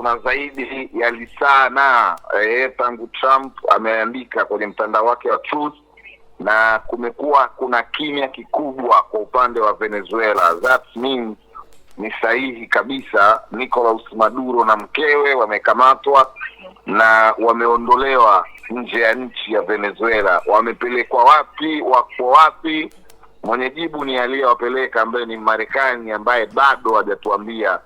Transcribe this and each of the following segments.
tuna zaidi ya lisana eh, tangu Trump ameandika kwenye mtandao wake wa Truth, na kumekuwa kuna kimya kikubwa kwa upande wa Venezuela. That means ni sahihi kabisa, Nicolas Maduro na mkewe wamekamatwa na wameondolewa nje ya nchi ya Venezuela. Wamepelekwa wapi? Wako wapi? Mwenye jibu ni aliyewapeleka ambaye ni Marekani, ambaye bado hajatuambia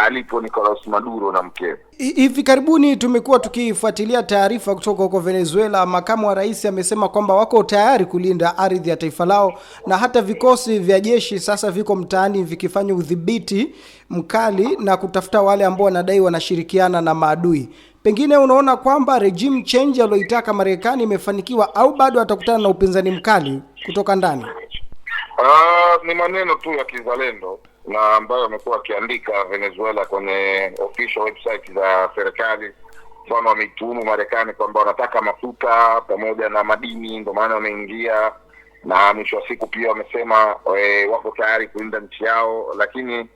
alipo Nicolas Maduro na mkewe. Hivi karibuni tumekuwa tukifuatilia taarifa kutoka huko Venezuela. Makamu wa rais amesema kwamba wako tayari kulinda ardhi ya taifa lao na hata vikosi vya jeshi sasa viko mtaani vikifanya udhibiti mkali na kutafuta wale ambao wanadai wanashirikiana na maadui. Pengine unaona kwamba regime change aliyoitaka Marekani imefanikiwa au bado atakutana na upinzani mkali kutoka ndani? Uh, ni maneno tu ya kizalendo na ambayo wamekuwa wakiandika Venezuela kwenye official website za serikali. Mfano, wameituhumu Marekani kwamba wanataka mafuta pamoja na madini, ndio maana wameingia, na mwisho wa siku pia wamesema e, wako tayari kulinda nchi yao, lakini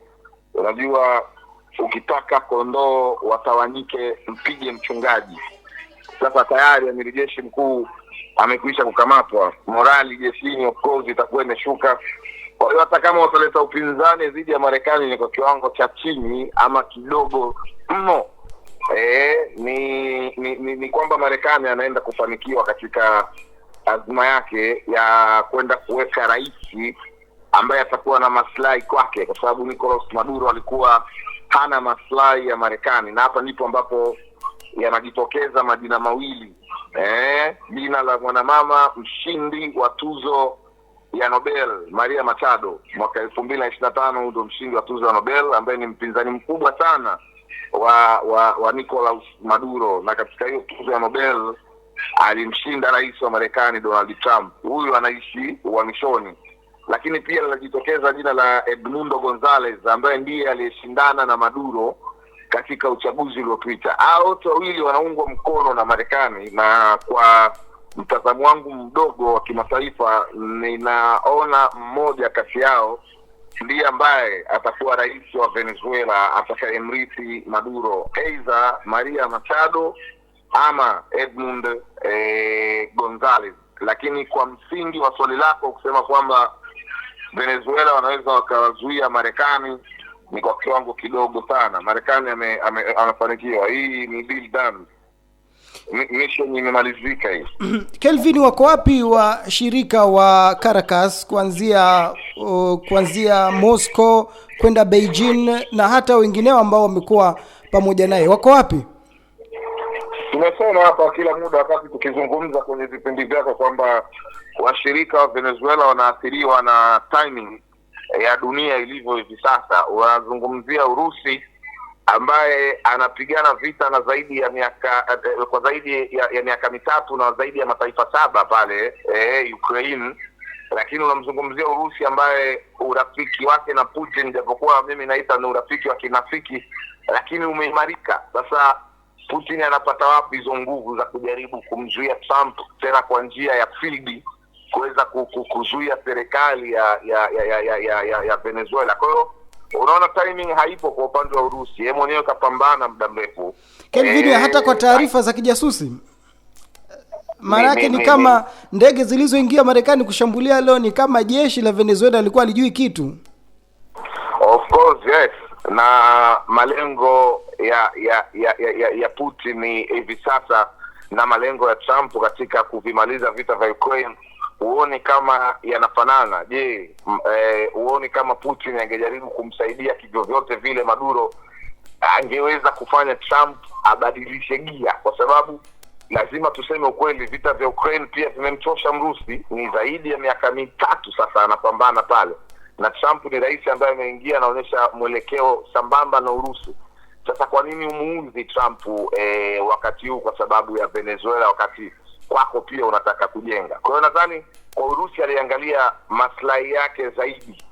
unajua ukitaka kondoo watawanyike, mpige mchungaji. Sasa tayari amiri jeshi mkuu amekwisha kukamatwa, morali jeshini of course itakuwa imeshuka. Kwa hiyo hata kama wataleta upinzani dhidi ya Marekani ni kwa kiwango cha chini ama kidogo mno. E, ni, ni, ni, ni kwamba Marekani anaenda kufanikiwa katika azma yake ya kwenda kuweka rais ambaye atakuwa na maslahi kwake, kwa sababu Nicolas Maduro alikuwa hana maslahi ya Marekani, na hapa ndipo ambapo yanajitokeza majina mawili eh, jina la mwanamama mshindi wa tuzo ya Nobel Maria Machado mwaka elfu mbili na ishirini na tano ndo mshindi wa tuzo ya Nobel ambaye ni mpinzani mkubwa sana wa wa, wa Nicolas Maduro, na katika hiyo tuzo ya Nobel alimshinda rais wa Marekani Donald Trump. Huyu anaishi uhamishoni, lakini pia linajitokeza jina la Edmundo Gonzalez ambaye ndiye aliyeshindana na Maduro katika uchaguzi uliopita. Hao wote wawili wanaungwa mkono na Marekani na kwa mtazamo wangu mdogo wa kimataifa, ninaona mmoja kati yao ndiye ambaye atakuwa rais wa Venezuela atakayemrithi Maduro, eidha Maria Machado ama Edmund e, eh, gonzales Lakini kwa msingi wa swali lako kusema kwamba Venezuela wanaweza wakawazuia Marekani ni kwa kiwango kidogo sana. Marekani amefanikiwa, hii ni done mission imemalizika hii. Kelvin, wako wapi wa shirika wa Caracas kuanzia uh, kuanzia Moscow kwenda Beijing na hata wengineo ambao wamekuwa pamoja naye wako wapi? Tumesema hapa kila muda wakati tukizungumza kwenye vipindi vyako kwamba washirika wa Venezuela wanaathiriwa na timing ya dunia ilivyo hivi sasa. wanazungumzia Urusi ambaye anapigana vita na zaidi ya miaka eh, kwa zaidi ya, ya miaka mitatu na zaidi ya mataifa saba pale eh, Ukraine lakini unamzungumzia Urusi ambaye urafiki wake na Putin, japokuwa mimi naita ni urafiki wa kinafiki, lakini umeimarika. Sasa Putin anapata wapi hizo nguvu za kujaribu kumzuia Trump tena kwa njia ya fildi kuweza kuzuia serikali ya ya ya, ya, ya, ya, ya Venezuela? Kwa hiyo unaona timing haipo kwa upande wa Urusi. Yeye mwenyewe kapambana muda mrefu Kelvin, e, eh, hata kwa taarifa za kijasusi maana yake ni kama ndege zilizoingia Marekani kushambulia leo ni kama jeshi la Venezuela alikuwa alijui kitu. Of course yes, na malengo ya ya ya ya, ya Putin ni hivi sasa na malengo ya Trump katika kuvimaliza vita vya Ukraine huoni kama yanafanana? Je, e, huoni kama Putin angejaribu kumsaidia kivyovyote vile Maduro angeweza kufanya Trump abadilishe gia? Kwa sababu lazima tuseme ukweli, vita vya Ukraine pia vimemchosha Mrusi. Ni zaidi ya miaka mitatu sasa anapambana pale, na Trump ni rais ambaye ameingia, anaonyesha mwelekeo sambamba na Urusi. Sasa kwa nini umuuzi Trump e, wakati huu kwa sababu ya Venezuela, wakati kwako pia unataka kujenga. Kwa hiyo nadhani kwa Urusi aliangalia maslahi yake zaidi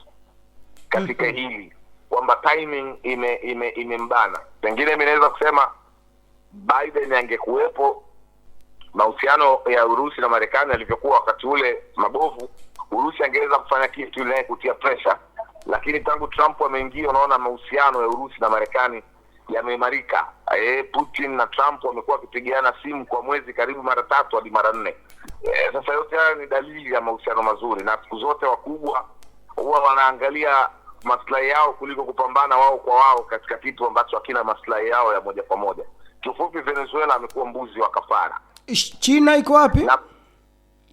katika mm-hmm. hili kwamba timing ime ime imembana. Pengine mi naweza kusema Biden angekuwepo, mahusiano ya Urusi na Marekani alivyokuwa wakati ule mabovu, Urusi angeweza kufanya kitu ili kutia pressure, lakini tangu Trump ameingia, unaona mahusiano ya Urusi na Marekani yameimarika. E, Putin na Trump wamekuwa wakipigiana simu kwa mwezi karibu mara tatu hadi mara nne. E, sasa yote haya ni dalili ya mahusiano mazuri, na siku zote wakubwa huwa wanaangalia maslahi yao kuliko kupambana wao kwa wao katika kitu ambacho hakina maslahi yao ya moja kwa moja. Kiufupi, Venezuela amekuwa mbuzi wa kafara. China iko wapi?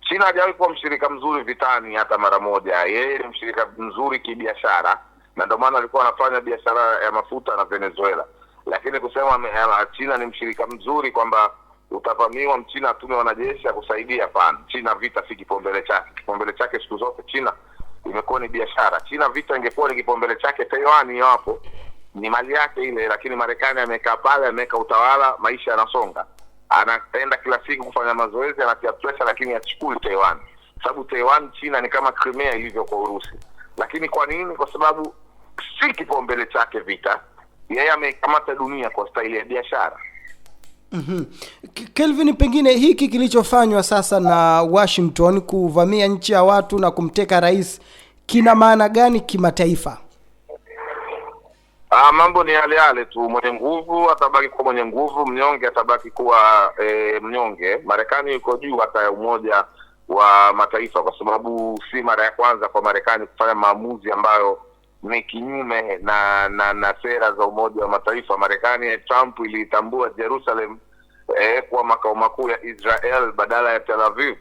China hajawahi kuwa mshirika mzuri vitani hata mara moja. Yeye ni mshirika mzuri kibiashara, na ndio maana alikuwa anafanya biashara ya mafuta na Venezuela lakini kusema China ni mshirika mzuri kwamba utavamiwa Mchina atume wanajeshi ya kusaidia, hapana. China vita si kipaumbele chake. Kipaumbele chake siku zote China imekuwa ni biashara. China vita ingekuwa ni kipaumbele chake, Taiwan hapo ni mali yake ile, lakini Marekani amekaa pale, ameweka utawala, maisha yanasonga, anaenda kila siku kufanya mazoezi, anatia presa lakini achukui Taiwan, sababu Taiwan China ni kama krimea ilivyo kwa Urusi. Lakini kwa nini? Kwa sababu si kipaumbele chake vita yeye amekamata dunia kwa staili ya biashara. Mm-hmm. Kelvin, pengine hiki kilichofanywa sasa na Washington kuvamia nchi ya watu na kumteka rais kina maana gani kimataifa? Ah, mambo ni yale yale tu, mwenye nguvu atabaki kuwa mwenye nguvu, mnyonge atabaki kuwa e, mnyonge. Marekani yuko juu hata Umoja wa Mataifa, kwa sababu si mara ya kwanza kwa Marekani kufanya maamuzi ambayo ni kinyume na, na na sera za Umoja wa Mataifa. Marekani Trump iliitambua Jerusalem eh, kuwa makao makuu ya Israel badala ya Tel Aviv,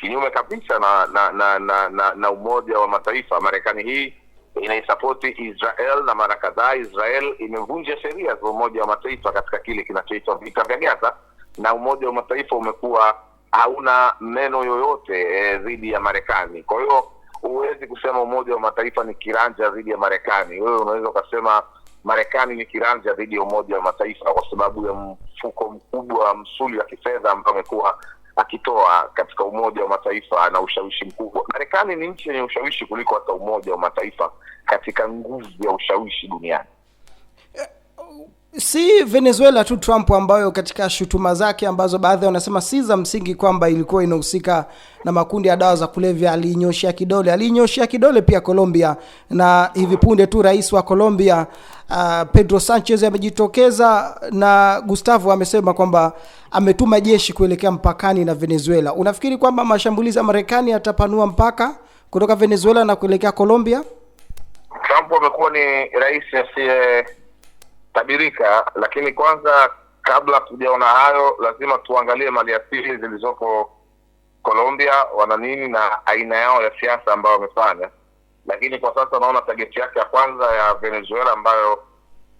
kinyume kabisa na na na, na, na, na Umoja wa Mataifa. Marekani hii inaisapoti Israel na mara kadhaa Israel imevunja sheria za Umoja wa Mataifa katika kile kinachoitwa vita vya Gaza, na Umoja wa Mataifa umekuwa hauna meno yoyote eh, dhidi ya Marekani. Kwa hiyo huwezi kusema Umoja wa Mataifa ni kiranja dhidi ya Marekani. Wewe unaweza ukasema Marekani ni kiranja dhidi ya Umoja wa Mataifa kwa sababu ya mfuko mkubwa wa msuli wa kifedha ambayo amekuwa akitoa katika Umoja wa Mataifa na ushawishi mkubwa. Marekani ni nchi yenye ushawishi kuliko hata Umoja wa Mataifa katika nguvu ya ushawishi duniani si Venezuela tu Trump, ambayo katika shutuma zake ambazo baadhi wanasema si za msingi, kwamba ilikuwa inahusika na makundi ya dawa za kulevya, aliinyoshia kidole, aliinyoshia kidole pia Colombia. Na hivi punde tu rais wa Colombia uh, Pedro Sanchez amejitokeza na Gustavo amesema kwamba ametuma jeshi kuelekea mpakani na Venezuela. Unafikiri kwamba mashambulizi ya Marekani yatapanua mpaka kutoka Venezuela na kuelekea Colombia? Trump amekuwa ni rais asiye tabirika, lakini kwanza, kabla tujaona hayo, lazima tuangalie asili zilizopo Colombia wana nini na aina yao ya siasa ambayo wamefanya. Lakini kwa sasa naona tageti yake ya kwanza ya Venezuela ambayo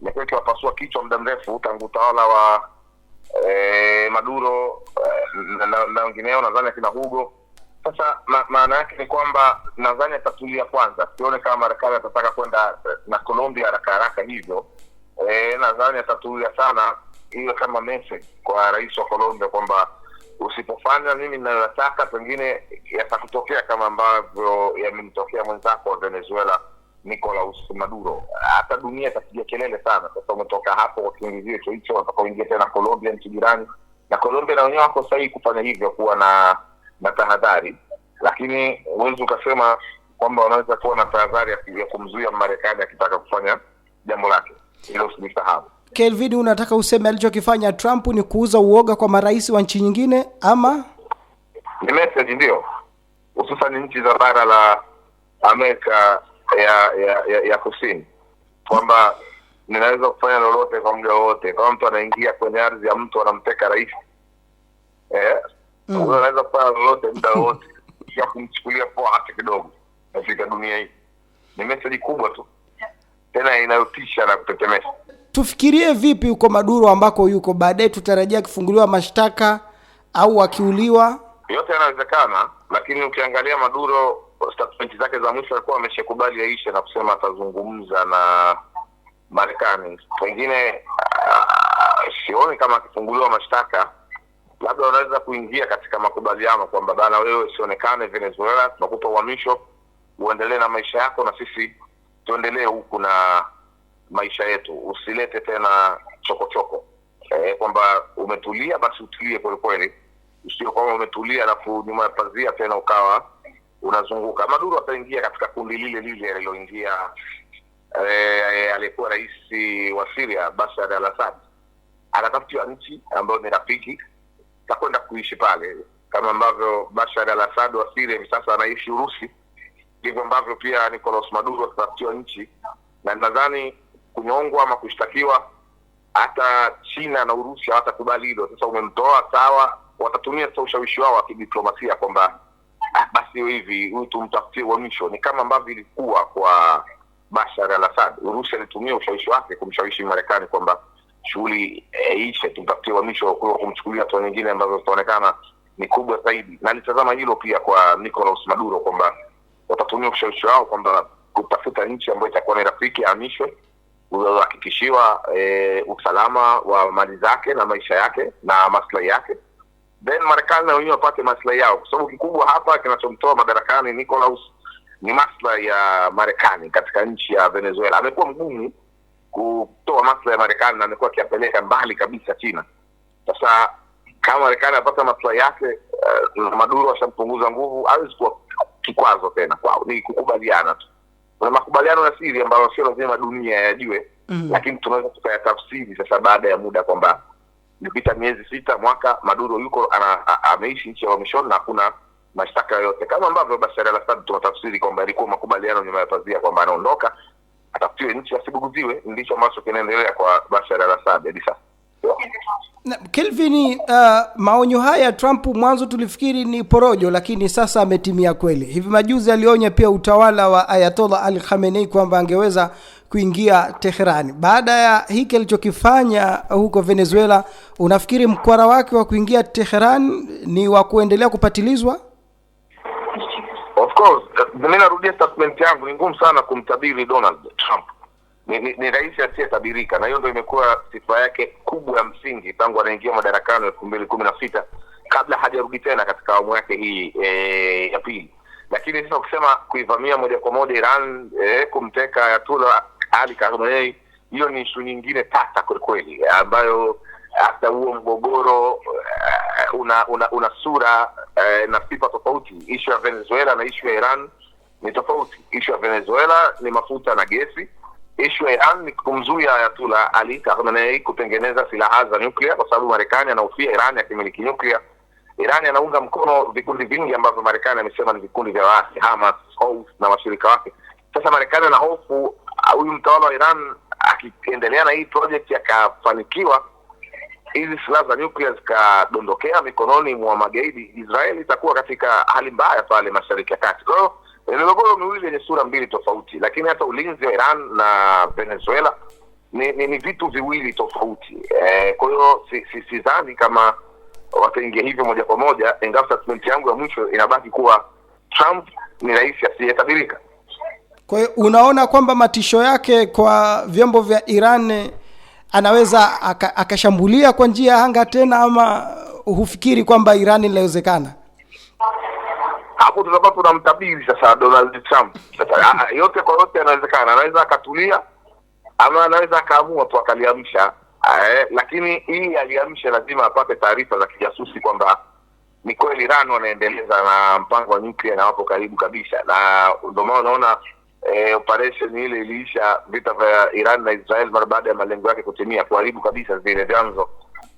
imekuwa ikiwapasua kichwa muda mrefu tangu utawala wa eh, Maduro eh, na wengineo, nadhani akina Hugo. Sasa maana yake ni kwamba nadhani atatulia kwanza, sione kama Marekani atataka kwenda eh, na Colombia haraka haraka hivyo e, nadhani atatulia sana hiyo kama message kwa rais wa Colombia kwamba usipofanya mimi ninayotaka, pengine yatakutokea kama ambavyo yamemtokea mwenzako wa Venezuela Nicolas Maduro. Hata dunia itapiga kelele sana. Sasa umetoka hapo kwa kisingizio hicho hicho, watakaoingia tena Colombia, nchi jirani, na Colombia na wenyewe wako sahihi kufanya hivyo, kuwa na na tahadhari, lakini huwezi ukasema kwamba wanaweza kuwa na tahadhari ya kumzuia Marekani akitaka kufanya jambo lake. Kelvin, unataka useme alichokifanya Trump ni kuuza uoga kwa marais wa nchi nyingine, ama ni message ndio, hususan nchi za bara la Amerika ya ya, ya, ya kusini kwamba ninaweza kufanya lolote kwa muda wowote. Kama mtu anaingia kwenye ardhi ya mtu anamteka rais eh, mm. unaweza kufanya lolote muda wowote ya kumchukulia poa hata kidogo katika dunia hii. Ni message kubwa tu tena inayotisha na kutetemesha. Tufikirie vipi huko Maduro ambako yuko baadaye, tutarajia akifunguliwa mashtaka au akiuliwa? Yote yanawezekana, lakini ukiangalia Maduro statement zake za mwisho alikuwa ameshakubali aishe na kusema atazungumza na Marekani. Pengine ah, sioni kama akifunguliwa mashtaka labda wanaweza kuingia katika makubaliano kwamba bana, wewe usionekane Venezuela, tunakupa uhamisho uendelee na maisha yako, na sisi tuendelee huku na maisha yetu, usilete tena chokochoko eh, kwamba umetulia basi utulie kwelikweli, usio kwamba umetulia alafu nyuma ya pazia tena ukawa unazunguka. maduru ataingia katika kundi lile lile aliloingia eh, aliyekuwa rais wa Syria Bashar al-Assad. Anatafutiwa nchi ambayo ni rafiki, takwenda kuishi pale kama ambavyo Bashar al-Assad wa Syria hivi sasa anaishi Urusi ndivyo ambavyo pia Nicolas Maduro atatafutiwa nchi, na nadhani kunyongwa ama kushtakiwa, hata China na Urusi hawatakubali hilo. Sasa umemtoa sawa, watatumia sasa ushawishi wao wa kidiplomasia kwamba ah, basi hivi huyu tumtafutie wa mwisho. Ni kama ambavyo ilikuwa kwa Bashar al-Assad. Urusi alitumia ushawishi wake kumshawishi Marekani kwamba shughuli eh, iishe, eh, tumtafutie wa mwisho kwa kumchukulia hatua nyingine ambazo zitaonekana ni kubwa zaidi, na alitazama hilo pia kwa Nicolas Maduro kwamba watatumia ushawishi wao kwamba kutafuta nchi ambayo itakuwa ni rafiki aamishwe uhakikishiwa e, usalama wa mali zake na maisha yake na maslahi yake, then Marekani na wenyewe wapate maslahi yao, kwa sababu kikubwa hapa kinachomtoa madarakani nicolaus ni maslahi ya Marekani katika nchi ya Venezuela. Amekuwa mgumu kutoa maslahi ya Marekani na amekuwa akiapeleka mbali kabisa China. Sasa kama Marekani anapata maslahi yake uh, Maduro ashampunguza nguvu, awezi kuwa kikwazo tena kwao, ni kukubaliana tu. Kuna makubaliano ya siri ambayo sio lazima dunia yajue, mm. lakini tunaweza tukayatafsiri sasa baada ya muda kwamba nipita miezi sita, mwaka, Maduro yuko ameishi nchi ya wamishoni na hakuna mashtaka yoyote, kama ambavyo Bashar al-Assad tunatafsiri kwamba ilikuwa makubaliano nyuma ya pazia kwamba anaondoka atafutiwe nchi asibuguziwe. Ndicho ambacho kinaendelea kwa Bashar al-Assad hadi sasa. Kelvin, uh, maonyo haya Trump mwanzo tulifikiri ni porojo, lakini sasa ametimia kweli. Hivi majuzi alionya pia utawala wa Ayatollah Ali Khamenei kwamba angeweza kuingia Teherani baada ya hiki alichokifanya huko Venezuela. Unafikiri mkwara wake wa kuingia Teherani ni wa kuendelea kupatilizwa? Of course, uh, mimi narudia statement yangu, ni ngumu sana kumtabiri Donald Trump ni, ni, ni rais asiyetabirika, na hiyo ndo imekuwa sifa yake kubwa ya msingi tangu anaingia madarakani elfu mbili kumi na sita kabla hajarudi tena katika awamu yake hii e, ya pili. Lakini sasa ukisema kuivamia moja kwa moja Iran e, kumteka yatula Ali karmei hiyo ni ishu nyingine tata kwelikweli, ambayo hata huo mgogoro uh, una, una una sura uh, na sifa tofauti. Ishu ya Venezuela na ishu ya Iran ni tofauti. Ishu ya Venezuela ni mafuta na gesi ishu ya Iran ni kumzuia ayatula Ali Khamenei kutengeneza silaha za nyuklia, kwa sababu Marekani anahofia Iran yakimiliki nyuklia. Iran anaunga mkono vikundi vingi ambavyo Marekani amesema ni vikundi vya waasi, Hamas, Houthi na washirika wake. Sasa Marekani ana hofu huyu mtawala wa Iran akiendelea na hii project yakafanikiwa, e hizi silaha za nyuklia zikadondokea mikononi mwa magaidi, Israeli itakuwa katika hali mbaya pale Mashariki ya Kati. Kwa oh, hiyo Eh, migogoro miwili yenye sura mbili tofauti, lakini hata ulinzi wa Iran na Venezuela ni, ni, ni vitu viwili tofauti eh. Kwa hiyo sidhani si, si kama wataingia hivyo moja kwa moja, ingawa statement yangu ya mwisho inabaki kuwa Trump ni rais asiyetabirika. Kwa hiyo unaona kwamba matisho yake kwa vyombo vya Iran anaweza akashambulia aka kwa njia ya anga tena, ama hufikiri kwamba Iran inawezekana? hapo tutakuwa tunamtabiri sasa Donald Trump. Sasa ah, ah, yote kwa yote anawezekana anaweza akatulia ama anaweza akaamua tu akaliamsha. Ae, ah, eh, lakini hii aliamsha lazima apate taarifa za kijasusi kwamba ni kweli Iran wanaendeleza na mpango wa nyuklia na wapo karibu kabisa, na ndio maana unaona e, operation ile iliisha vita vya Iran na Israel mara baada ya malengo yake kutimia, kuharibu kabisa vile vyanzo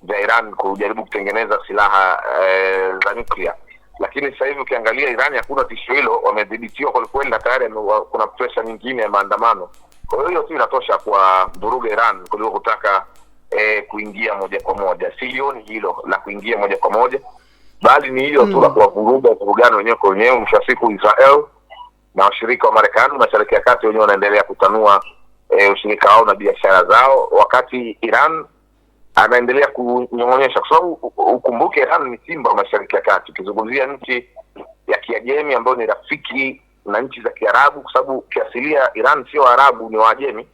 vya Iran kujaribu kutengeneza silaha e, za nyuklia lakini sasa hivi ukiangalia Irani hakuna tishio hilo, wamedhibitiwa kwelikweli na tayari kuna presha nyingine ya maandamano. Kwa hiyo hiyo tu inatosha kwa vuruga Iran kuliko kutaka eh, kuingia moja kwa moja. Silioni hilo la kuingia moja kwa moja, bali ni hiyo mm. tu la mm. kuwavuruga vurugani wenyewe kwa wenyewe. Mwisho wa siku Israel na washirika wa Marekani, Mashariki ya Kati wenyewe wanaendelea kutanua eh, ushirika wao na biashara zao, wakati Iran anaendelea kunyong'onyesha, kwa sababu ukumbuke Iran ni simba wa mashariki ya kati. Ukizungumzia nchi ya Kiajemi ambayo ni rafiki na nchi za Kiarabu, kwa sababu kiasilia Iran sio Waarabu, ni Waajemi.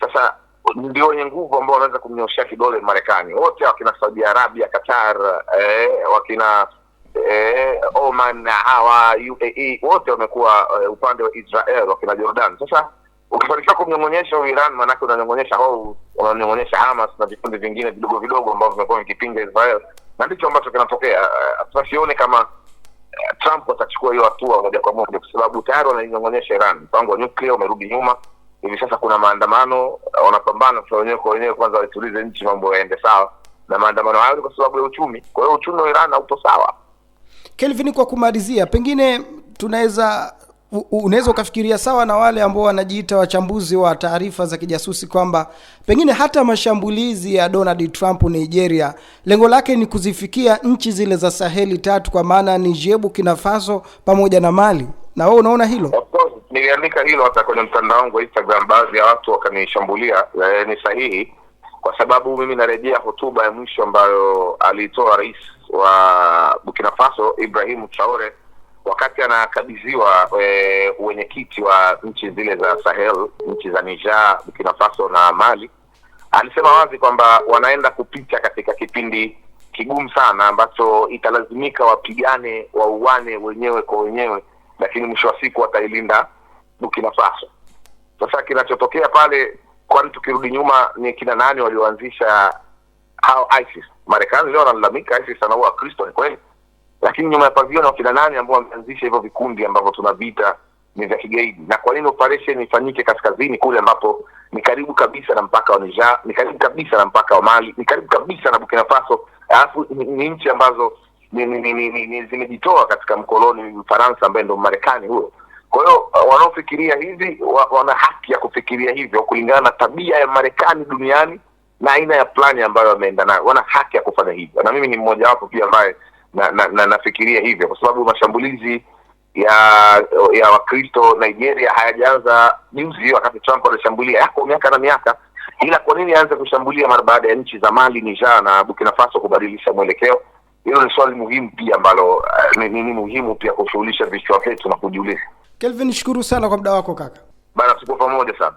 Sasa ndio wenye nguvu ambao wanaweza kumnyoshea kidole Marekani, wote wakina Saudi Arabia, Qatar, eh, wakina eh, Oman na hawa UAE, wote wamekuwa eh, upande wa Israel, wakina Jordan. Sasa ukifanikiwa kumnyong'onyesha huyu Iran, maanake unanyong'onyesha hou, unanyong'onyesha Hamas na vikundi vingine vidogo vidogo ambavyo vimekuwa vikipinga Israel, na ndicho ambacho kinatokea. Eh, Tunasione kama eh, Trump atachukua hiyo hatua moja kwa moja, kwa sababu tayari wanainyong'onyesha Iran. Mpango wa nyuklia umerudi nyuma, hivi sasa kuna maandamano, eh, wanapambana kwa wenyewe kwa wenyewe, kwanza waitulize nchi, mambo yaende sawa, na maandamano hayo ni kwa sababu ya uchumi. Kwa hiyo uchumi wa Iran hauto sawa. Kelvin, kwa kumalizia, pengine tunaweza unaweza ukafikiria sawa na wale ambao wanajiita wachambuzi wa taarifa za kijasusi kwamba pengine hata mashambulizi ya Donald Trump Nigeria, lengo lake ni kuzifikia nchi zile za Saheli tatu, kwa maana Niger, Burkina Faso pamoja na Mali. Na wewe unaona hilo? Of course niliandika hilo hata kwenye mtandao wangu wa Instagram, baadhi ya watu wakanishambulia. E, ni sahihi kwa sababu mimi narejea hotuba ya mwisho ambayo alitoa rais wa Burkina Faso Ibrahim Traore wakati anakabidhiwa e, uwenyekiti wa nchi zile za Sahel, nchi za Niger, Burkina Faso na Mali, alisema wazi kwamba wanaenda kupita katika kipindi kigumu sana ambacho italazimika wapigane wauane wenyewe kwa wenyewe, lakini mwisho wa siku watailinda Burkina Faso. Sasa kinachotokea pale, kwani tukirudi nyuma ni kina nani walioanzisha hao ISIS? Marekani leo wanalalamika ISIS anaua Wakristo, ni kweli lakini nyuma ya pavio na wakina nane ambao wameanzisha hivyo vikundi ambavyo tunavita ni vya kigaidi, na kwa nini operation ifanyike kaskazini kule ambapo ni karibu kabisa na mpaka wa Niger, ni karibu kabisa na mpaka wa Mali, ni karibu kabisa na Burkina Faso, alafu ni nchi ambazo ni, ni, ni, ni, ni zimejitoa katika mkoloni Mfaransa ambaye ndo Marekani huyo. Kwa hiyo uh, wanaofikiria hivi wa, wana haki ya kufikiria hivyo kulingana na tabia ya Marekani duniani na aina ya plani ambayo wameenda nayo, wana haki ya kufanya hivyo, na mimi ni mmoja wapo pia ambaye na, na, na nafikiria hivyo kwa sababu mashambulizi ya ya Wakristo Nigeria hayajaanza juzi, wakati Trump anashambulia, yako miaka na miaka, ila kwa nini aanze kushambulia mara baada ya nchi za Mali, nija na Burkina Faso kubadilisha mwelekeo? Hilo ni swali muhimu pia ambalo uh, ni, ni muhimu pia kushughulisha vichwa vyetu na kujiuliza. Kelvin, shukuru sana kwa muda wako kaka bana, tuko pamoja sana.